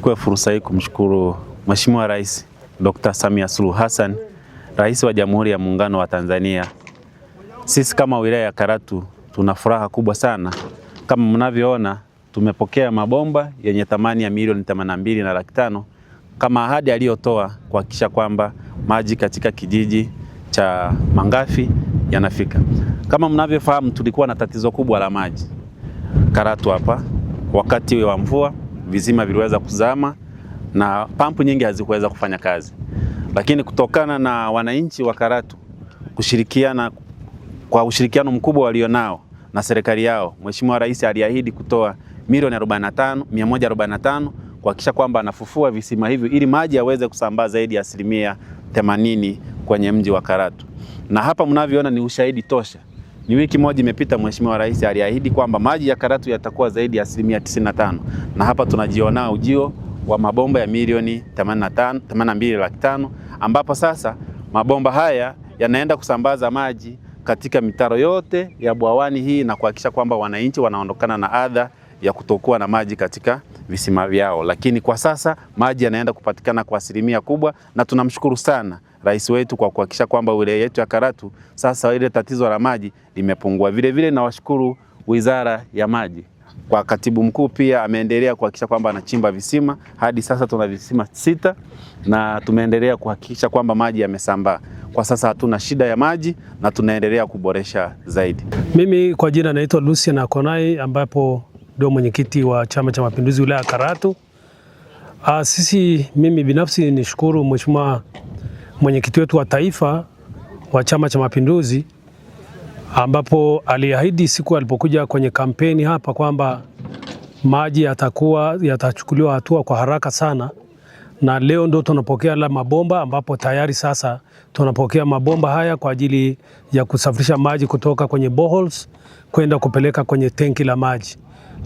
Nichukue fursa hii kumshukuru Mheshimiwa Rais Dr. Samia Suluhu Hassan, Rais wa Jamhuri ya Muungano wa Tanzania. Sisi kama wilaya ya Karatu tuna furaha kubwa sana. Kama mnavyoona, tumepokea mabomba yenye thamani ya milioni 82 na laki tano kama ahadi aliyotoa kuhakikisha kwamba maji katika kijiji cha Mangafi yanafika. Kama mnavyofahamu, tulikuwa na tatizo kubwa la maji Karatu hapa wakati wa mvua vizima viliweza kuzama na pampu nyingi hazikuweza kufanya kazi, lakini kutokana na wananchi wa Karatu kushirikiana kwa ushirikiano mkubwa walionao na serikali yao, Mheshimiwa Rais aliahidi kutoa milioni 45 145 kuhakikisha kwamba anafufua visima hivyo ili maji yaweze kusambaa zaidi ya asilimia 80 kwenye mji wa Karatu, na hapa mnavyoona ni ushahidi tosha. Ni wiki moja imepita, Mheshimiwa Rais aliahidi kwamba maji ya Karatu yatakuwa zaidi ya asilimia 95 na hapa tunajiona ujio wa mabomba ya milioni 85 laki tano ambapo sasa mabomba haya yanaenda kusambaza maji katika mitaro yote ya Bwawani hii na kuhakikisha kwamba wananchi wanaondokana na adha ya kutokuwa na maji katika visima vyao, lakini kwa sasa maji yanaenda kupatikana kwa asilimia kubwa, na tunamshukuru sana rais wetu kwa kuhakikisha kwamba wilaya yetu ya Karatu sasa ile tatizo la maji limepungua. Vilevile nawashukuru Wizara ya Maji kwa katibu mkuu pia ameendelea kuhakikisha kwamba anachimba visima. Hadi sasa tuna visima sita na tumeendelea kuhakikisha kwamba maji yamesambaa. Kwa sasa hatuna shida ya maji na tunaendelea kuboresha zaidi. Mimi kwa jina naitwa Lucian Akonai ambapo ndio mwenyekiti wa Chama cha Mapinduzi wilaya Karatu. Ah, sisi mimi binafsi nishukuru mheshimiwa mwenyekiti wetu wa taifa wa Chama cha Mapinduzi ambapo aliahidi siku alipokuja kwenye kampeni hapa kwamba maji yatakuwa yatachukuliwa hatua kwa haraka sana na leo ndo tunapokea la mabomba ambapo tayari sasa tunapokea mabomba haya kwa ajili ya kusafirisha maji kutoka kwenye boreholes kwenda kupeleka kwenye tenki la maji,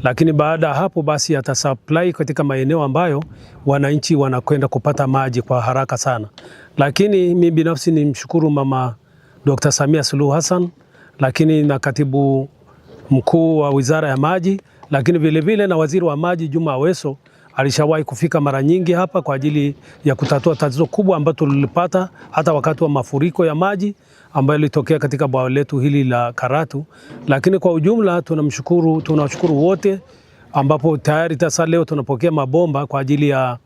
lakini baada ya hapo basi yatasupply katika maeneo ambayo wananchi wanakwenda kupata maji kwa haraka sana. Lakini mi binafsi nimshukuru Mama Dr. Samia Suluhu Hassan, lakini na katibu mkuu wa Wizara ya Maji, lakini vilevile na waziri wa maji Juma Aweso alishawahi kufika mara nyingi hapa kwa ajili ya kutatua tatizo kubwa ambalo tulilipata hata wakati wa mafuriko ya maji ambayo ilitokea katika bwawa letu hili la Karatu. Lakini kwa ujumla tunamshukuru, tunawashukuru wote, ambapo tayari sasa leo tunapokea mabomba kwa ajili ya,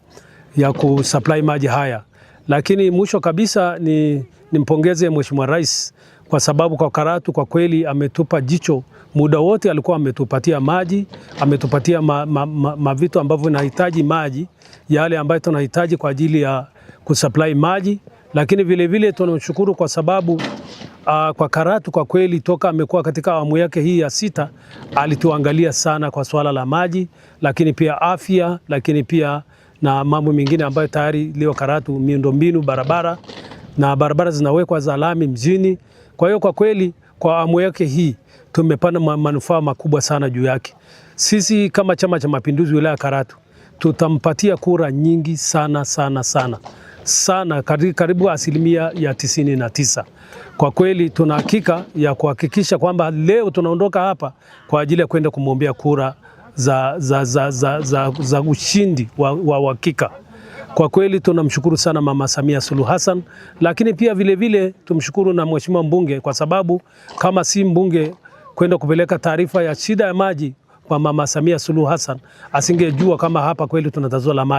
ya kusupply maji haya. Lakini mwisho kabisa ni nimpongeze Mheshimiwa Rais kwa sababu kwa Karatu kwa kweli ametupa jicho muda wote, alikuwa ametupatia maji, ametupatia mavitu ma, ma, ma ambavyo vinahitaji maji yale ambayo tunahitaji kwa ajili ya kusupply maji, lakini vilevile tunamshukuru kwa sababu Uh, kwa Karatu kwa kweli toka amekuwa katika awamu yake hii ya sita alituangalia sana kwa swala la maji, lakini pia afya, lakini pia na mambo mengine ambayo tayari leo Karatu miundombinu, barabara na barabara zinawekwa za lami mjini. Kwa hiyo kwa kweli kwa awamu yake hii tumepata manufaa makubwa sana juu yake. Sisi kama Chama cha Mapinduzi wilaya Karatu tutampatia kura nyingi sana sana sana sana, karibu asilimia ya tisini na tisa. Kwa kweli tuna hakika ya kuhakikisha kwamba leo tunaondoka hapa kwa ajili ya kwenda kumwombea kura za, za, za, za, za, za ushindi wa uhakika. Kwa kweli tunamshukuru sana Mama Samia Suluhu Hassan, lakini pia vilevile vile tumshukuru na mheshimiwa mbunge, kwa sababu kama si mbunge kwenda kupeleka taarifa ya shida ya maji kwa Mama Samia Suluhu Hassan asingejua kama hapa kweli tuna tatizo la maji.